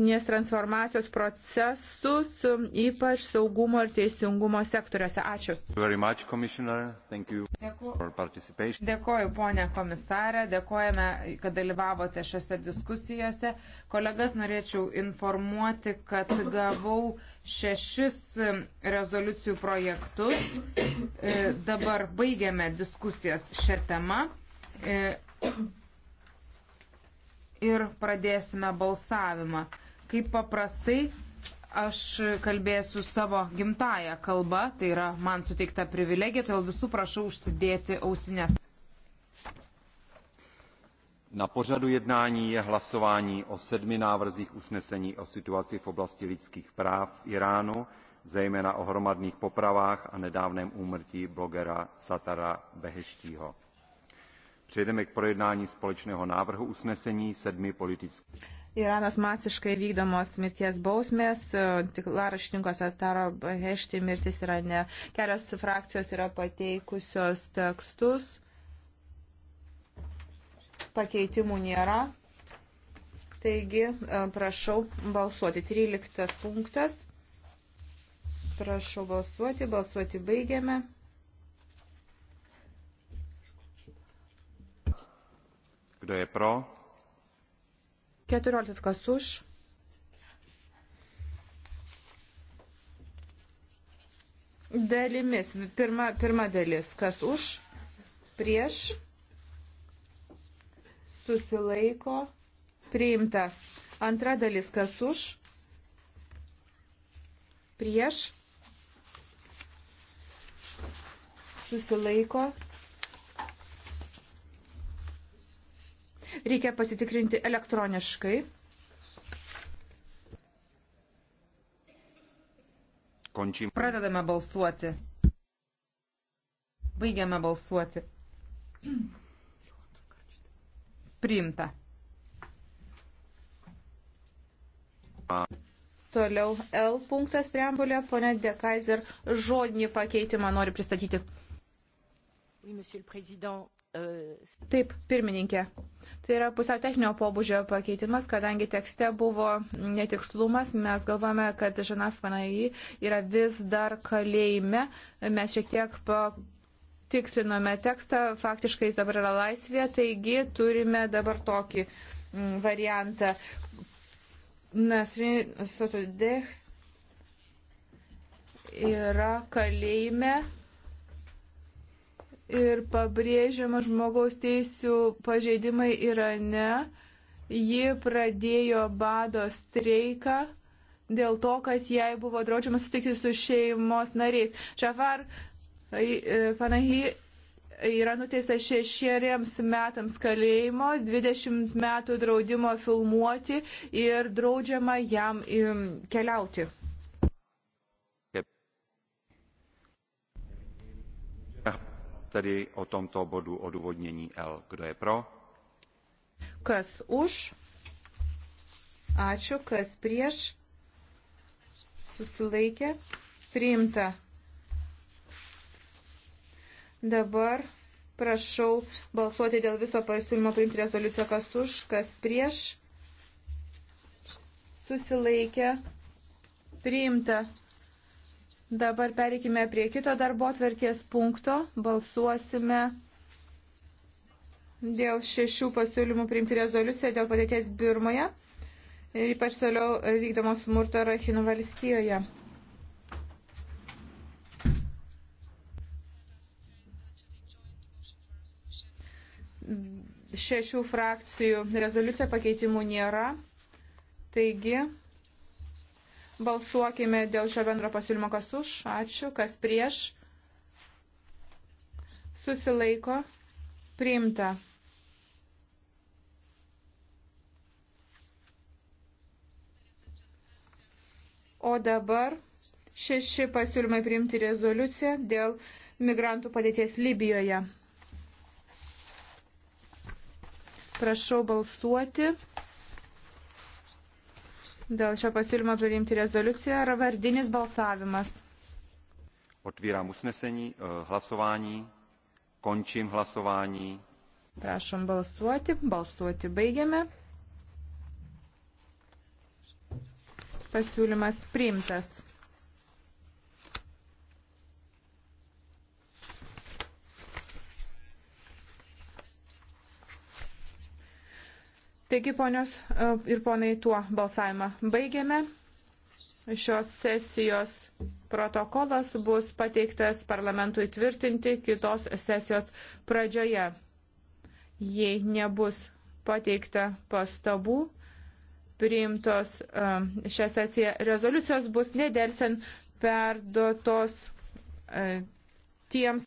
politinės transformacijos procesus, ypač saugumo ir teisingumo sektoriuose. Ačiū. Much, dėkoju, ponė komisarė, dėkojame, kad dalyvavote šiose diskusijose. Kolegas norėčiau informuoti, kad gavau šešis rezoliucijų projektus. E, dabar baigiame diskusijas šią temą e, ir pradėsime balsavimą. Kaip paprastai, aš kalbėsiu savo gimtają kalbą, tai yra man suteikta privilegija, todėl visų prašau užsidėti ausinės. Na pořadu jednání je hlasování o sedmi návrzích usnesení o situaci v oblasti lidských práv v Iránu, zejména o hromadných popravách a nedávném úmrtí blogera Satara Beheštího. Přejdeme k projednání společného návrhu usnesení sedmi politických. Iranas masiškai vykdomos mirties bausmės, e, tik laraštinkos ataro hešti mirtis yra ne. Kelios frakcijos yra pateikusios tekstus, pakeitimų nėra. Taigi, e, prašau balsuoti. 13 punktas. Prašau balsuoti, balsuoti baigiame. Kdo je pro? 14 kas už. Dalimis. Pirma, pirma dalis. Kas už, prieš, susilaiko, priimta. Antra dalis. Kas už, prieš, susilaiko, priimta Reikia pasitikrinti elektroniškai. Končim. Pradedame balsuoti. Baigiame balsuoti. Priimta. Toliau L punktas preambulė, ponė Dekaiser, žodinį pakeitimą nori pristatyti. Oui, Taip, pirmininkė. Tai yra pusiau techninio pobūdžio pakeitimas, kadangi tekste buvo netikslumas, mes galvome, kad Žanaf Panai yra vis dar kalėjime, mes šiek tiek patikslinome tekstą, faktiškai jis dabar yra laisvė, taigi turime dabar tokį mm, variantą. Nasrin Sotudeh yra kalėjime ir pabrėžiama žmogaus teisų pažeidimai Irane. Ji pradėjo bado streiką dėl to, kad jai buvo draudžiama sutikti su šeimos nariais. Čafar e, Panahi yra nuteistas šešieriems metams kalėjimo, 20 metų draudimo filmuoti ir draudžiama jam keliauti. tedy o tomto bodu odůvodnění L. Kdo je pro? Kas už? Ačiū. Kas prieš? Susilaikė. Priimta. Dabar prašau balsuoti dėl viso pasiūlymo priimti rezoliuciją, kas už, kas prieš. Susilaikė. Priimta. Dabar pereikime prie kito darbo atverkės punkto. Balsuosime dėl šešių pasiūlymų priimti rezoliuciją dėl padėties Birmoje ir ypač toliau vykdomo smurto Rahino valstijoje. Šešių frakcijų rezoliucija pakeitimų nėra. Taigi, Balsuokime dėl šio bendro pasiūlymo, kas už, ačiū, kas prieš. Susilaiko. Priimta. O dabar šeši pasiūlymai priimti rezoliuciją dėl migrantų padėties Libijoje. Prašau balsuoti. Dėl šio pasiūlymo priimti rezoliuciją yra vardinis balsavimas. Otvíram usnesení, e, hlasování, končím hlasování. Prašom balsuoti, balsuoti baigiame. Pasiūlymas priimtas. Taigi, ponios e, ir ponai, tuo balsavimą baigiame. Šios sesijos protokolas bus pateiktas parlamentui tvirtinti kitos sesijos pradžioje. Jei nebus pateikta pastabų, priimtos e, šią sesiją rezoliucijos bus nedelsiant perduotos e, tiems